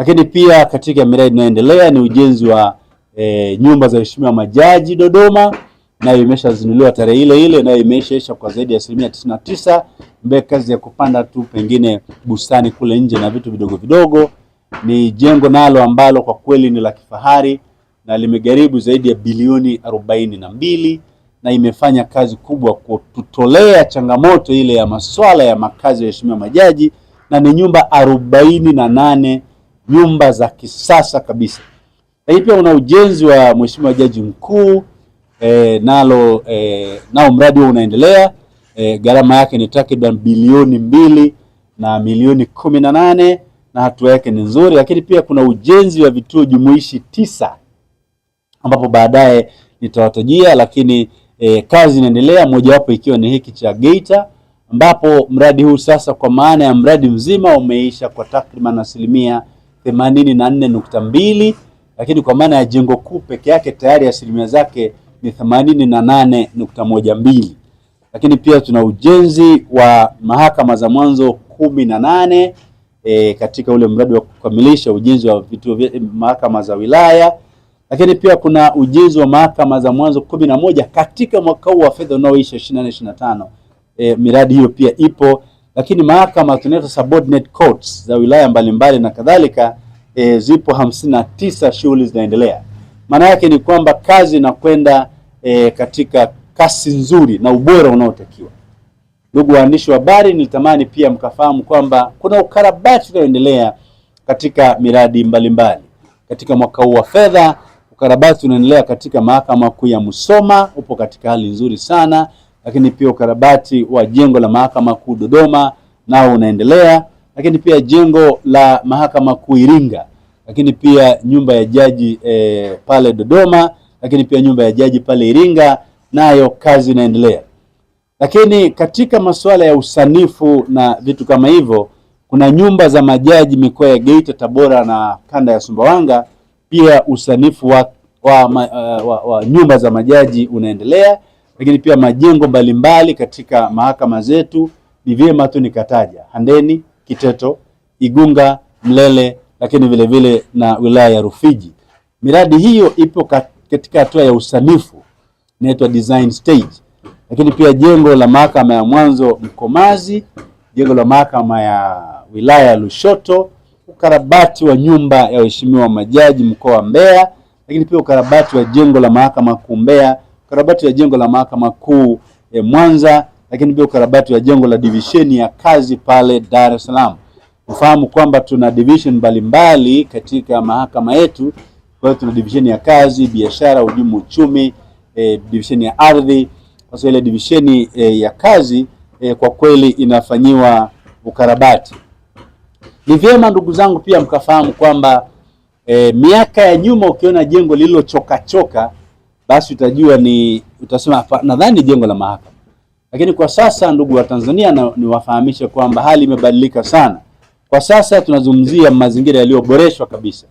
Lakini pia katika miradi inayoendelea ni ujenzi wa e, nyumba za waheshimiwa majaji Dodoma, nayo imeshazinduliwa tarehe ile ile, nayo imeshaisha kwa zaidi ya asilimia tisini na tisa. Mbele kazi ya kupanda tu pengine bustani kule nje na vitu vidogo vidogo. Ni jengo nalo ambalo kwa kweli ni la kifahari na limegharibu zaidi ya bilioni arobaini na mbili na imefanya kazi kubwa kututolea changamoto ile ya maswala ya makazi ya waheshimiwa majaji, na ni nyumba arobaini na nane nyumba za kisasa kabisa. Lakini pia una ujenzi wa Mheshimiwa Jaji Mkuu e, nalo e, nao mradi huo unaendelea e, gharama yake ni takriban bilioni mbili na milioni kumi na nane na hatua yake ni nzuri. Lakini pia kuna ujenzi wa vituo jumuishi tisa ambapo baadaye nitawatajia, lakini e, kazi inaendelea, mojawapo ikiwa ni hiki cha Geita ambapo mradi huu sasa kwa maana ya mradi mzima umeisha kwa takriban asilimia themanini na nne nukta mbili lakini kwa maana ya jengo kuu peke yake tayari asilimia zake ni themanini na nane nukta moja mbili lakini pia tuna ujenzi wa mahakama za mwanzo kumi na nane e, katika ule mradi wa kukamilisha ujenzi wa vituo vya mahakama za wilaya, lakini pia kuna ujenzi wa mahakama za mwanzo kumi na moja katika mwaka huu wa fedha unaoisha 24 25. E, miradi hiyo pia ipo lakini mahakama tunaita subordinate courts za wilaya mbalimbali na kadhalika e, zipo hamsini na tisa shughuli zinaendelea. Maana yake ni kwamba kazi inakwenda e, katika kasi nzuri na ubora unaotakiwa. Ndugu waandishi wa habari, nilitamani pia mkafahamu kwamba kuna ukarabati unaoendelea katika miradi mbalimbali mbali. Katika mwaka huu wa fedha ukarabati unaendelea katika mahakama kuu ya Musoma, upo katika hali nzuri sana lakini pia ukarabati wa jengo la mahakama kuu Dodoma nao unaendelea, lakini pia jengo la mahakama kuu Iringa, lakini pia nyumba ya jaji e, pale Dodoma, lakini pia nyumba ya jaji pale Iringa nayo kazi inaendelea. Lakini katika masuala ya usanifu na vitu kama hivyo, kuna nyumba za majaji mikoa ya Geita, Tabora na kanda ya Sumbawanga, pia usanifu wa, wa, wa, eh, wa, wa nyumba za majaji unaendelea lakini pia majengo mbalimbali katika mahakama zetu. Ni vyema tu nikataja Handeni, Kiteto, Igunga, Mlele, lakini vile vile na wilaya ya Rufiji. Miradi hiyo ipo katika hatua ya usanifu, inaitwa design stage. Lakini pia jengo la mahakama ya mwanzo Mkomazi, jengo la mahakama ya wilaya ya Lushoto, ukarabati wa nyumba ya waheshimiwa majaji mkoa wa Mbeya, lakini pia ukarabati wa jengo la mahakama kuu Mbeya ukarabati wa jengo la mahakama kuu e, Mwanza, lakini pia ukarabati wa jengo la divisheni ya kazi pale Dar es Salaam. Ufahamu kwamba tuna division mbalimbali katika mahakama yetu. Kwa hiyo tuna divisheni ya kazi, biashara, ujumu uchumi, e, divisheni ya ardhi. Sasa ile divisheni e, ya kazi e, kwa kweli inafanyiwa ukarabati. Ni vyema ndugu zangu pia mkafahamu kwamba e, miaka ya nyuma ukiona jengo lililochokachoka basi utajua ni utasema nadhani ni jengo la mahakama. Lakini kwa sasa, ndugu wa Tanzania, niwafahamishe kwamba hali imebadilika sana. Kwa sasa tunazungumzia mazingira yaliyoboreshwa kabisa.